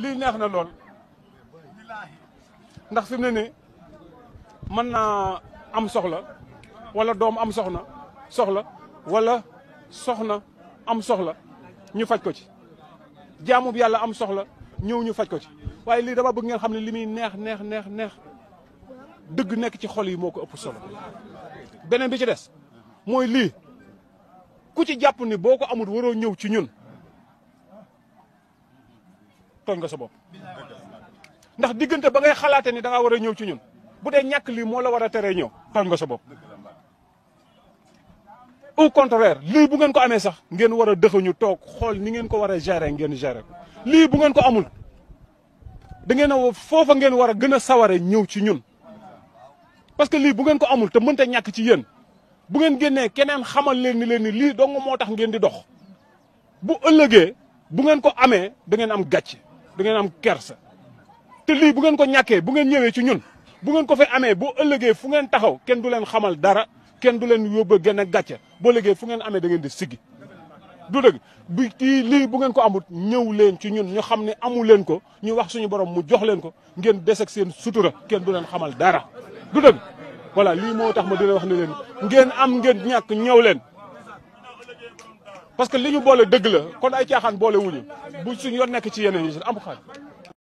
lii neex na lool ndax fi ne nii mën naa am soxla walla doom am soxna soxla wala soxna am soxla ñu faj ko ci bu yàlla am soxla ñëw ñu faj ko ci waaye lii dama bëgg ngeen xam ne li muy neex neex neex neex dëgg nekk ci xol yi moo ko ëpp solo beneen bi ci des mooy lii ku ci jàpp ni boo ko amul waroo ñëw ci ñun tooñ nga sa bop ndax digënté ba ngay xalaté ni da nga wara ñëw ci ñun bu dee la wara téré ñëw nga sa bop au contraire li bu ngeen ko amé sax ngeen wara a dëxuñu toog ni ngeen ko wara gérer ngeen gérer ko bu ngeen ko amul da ngeen a foofa ngeen wara gëna sawaré ñëw ci ñun parce que li bu ngeen ko amul te mënta ñak ci yeen bu ngeen leni leni. xamal leen ni leen li do dong motax ngeen di dox bu ëllëgé bu ngeen ko amé da ngeen am gatché da ngeen am kersa te lii bu ngeen ko ñàkkee bu ngeen ñëwee ci ñun bu ngeen ko fi amee boo ëllëgee fu ngeen taxaw kenn du leen xamal dara kenn du leen yóbbu gën a gàcce boo ëllëgee fu ngeen amee dangeen di siggi du dëgg bi kii lii bu ngeen ko amut ñëw leen ci ñun ñu xam ne amu leen ko ñu wax suñu borom mu jox leen ko ngeen des ak seen sutura kenn du leen xamal dara du dëgg voilà lii moo tax ma di leen wax ne leen ngeen am ngeen ñàkk ñëw leen parce que li ñu boole dëgg la kon ay caaxaan boole wuñu bu suñu yoon nekk ci yeneen yi amu xaaj